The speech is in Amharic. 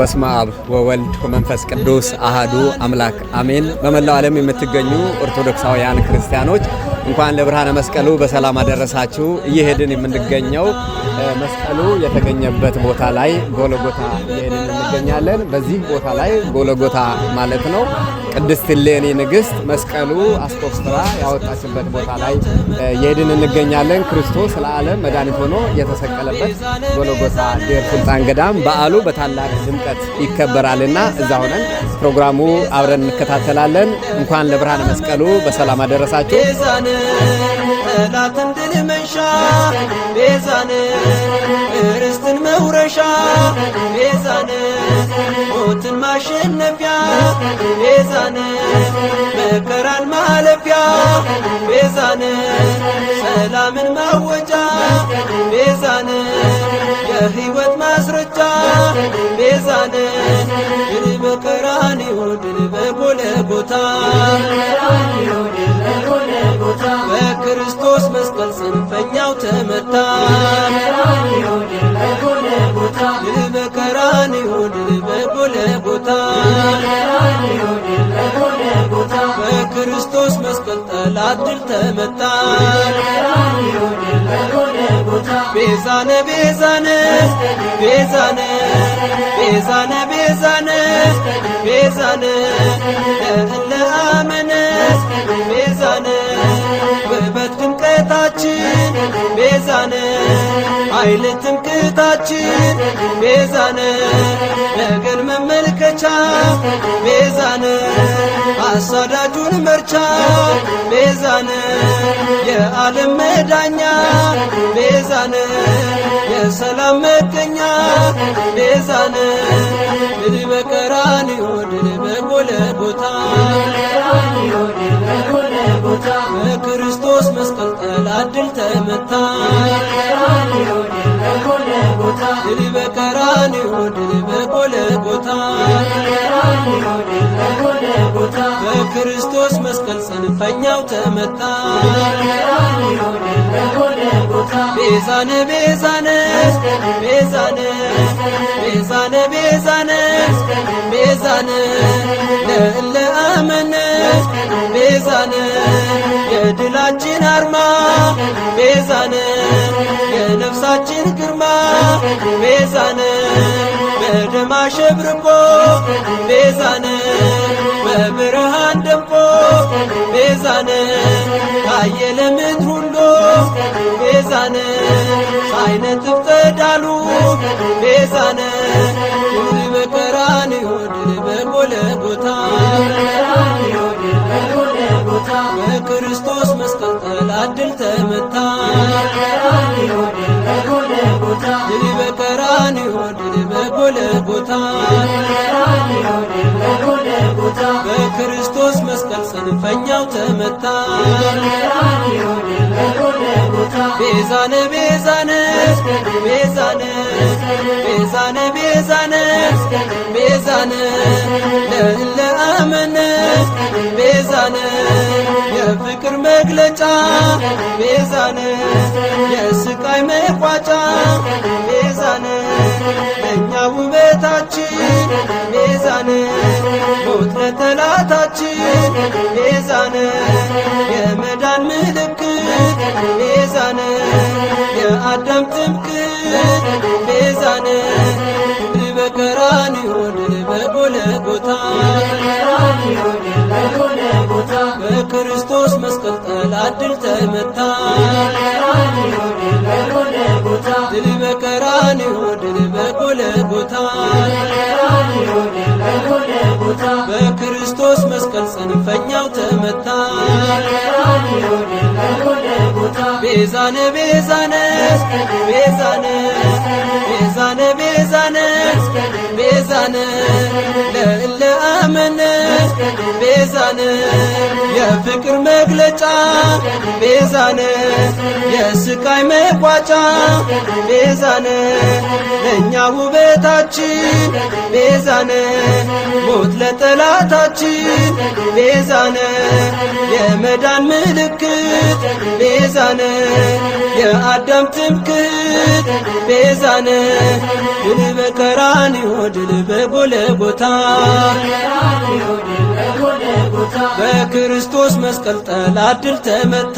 በስመ አብ ወወልድ ወመንፈስ ቅዱስ አህዱ አምላክ አሜን። በመላው ዓለም የምትገኙ ኦርቶዶክሳውያን ክርስቲያኖች እንኳን ለብርሃነ መስቀሉ በሰላም አደረሳችሁ። እየሄድን የምንገኘው መስቀሉ የተገኘበት ቦታ ላይ ጎለጎታ እየሄድን እንገኛለን። በዚህ ቦታ ላይ ጎለጎታ ማለት ነው ቅድስት እሌኒ ንግሥት መስቀሉ አስቆፍራ ያወጣችበት ቦታ ላይ እየሄድን እንገኛለን። ክርስቶስ ለዓለም መድኃኒት ሆኖ የተሰቀለበት ጎለጎታ ዴር ሱልጣን ገዳም በዓሉ በታላቅ ድምቀት ይከበራልና እዛ ሆነን ፕሮግራሙ አብረን እንከታተላለን። እንኳን ለብርሃነ መስቀሉ በሰላም አደረሳችሁ። ጠላትን ድል መንሻ ቤዛነ ርስትን መውረሻ ቤዛነ ሞትን ማሸነፊያ ቤዛነ መከራን ማለፊያ ቤዛነ ሰላምን ማወጃ ቤዛነ የሕይወት ማስረጃ ቤዛነ ድል በቀራንዮ ድል በጎልጎታ በክርስቶስ መስቀል ጽንፈኛው ተመታ። ድል በቀራንዮ ድል በጎልጎታ በክርስቶስ መስቀል ጠላት ድል ተመታ። ቤዛነ ቤዛነ ቤዛነ ቤዛነ ቤዛነ ቤዛነ አመነ ቤዛነ ውበት ድምቀታችን ቤዛነ ኃይል ትምክታችን ቤዛነ ነገር መመልከቻ ቤዛነ አሳዳጁን መርቻ ቤዛነ የዓለም መዳኛ ቤዛነ የሰላም መገኛ ቤዛነ ድል በቀራንዮ ድል በጎልጎታ በክርስቶስ መስቀል ጠላት ድል ተመታ ድል በቀራንዮ ድል በጎልጎታ በእኛው ተመታ ቤዛነ ቤዛነ ቤዛነ ቤዛነ ቤዛነ ቤዛነ ለእለ አመነ ቤዛነ የድላችን አርማ ቤዛነ የነፍሳችን ግርማ ቤዛነ በደም አሸብርቆ ቤዛነ በብርሃን ደምቆ ቤዛነ ታየ ለምድር ሁሉ ቤዛነ ሳይነጥፍ ፀዳሉ ቤዛነ ድል በቀራንዮ በጎለ ቦታ በክርስቶስ መስቀል ጠላት ድል ተመታ ድል በቀራንዮ ድል በክርስቶስ መስቀል ጽንፈኛው ተመታ። ቤዛነ ቤዛነ ቤዛነ ቤዛነ ቤዛነ ቤዛነ ለእለ ቤዛነ የፍቅር መግለጫ ቤዛነ የስቃይ መቋጫ ሚዛን የአዳም ትምክት ሚዛን በቀራንዮ በጎልጎታ በክርስቶስ መስቀል ጠላት ድል ተመታ። ድል በቀራንዮ ድል በጎልጎታ በክርስቶስ መስቀል ጽንፈኛው ተመታ። ቤዛነ ቤዛነ ቤዛነ ቤዛነ ቤዛነ ቤዛነ ለእለ አመነ ቤዛነ የፍቅር መግለጫ ቤዛነ የስቃይ መቋጫ ቤዛነ ለእኛ ውበታችን ቤዛነ ሞት ለጠላታችን ቤዛነ የመዳን ምልክት ቤዛነ የአዳም ትምክት ቤዛነ ድል በቀራንዮ ድል በጎለጎታ በክርስቶስ መስቀል ጠላት ድል ተመታ።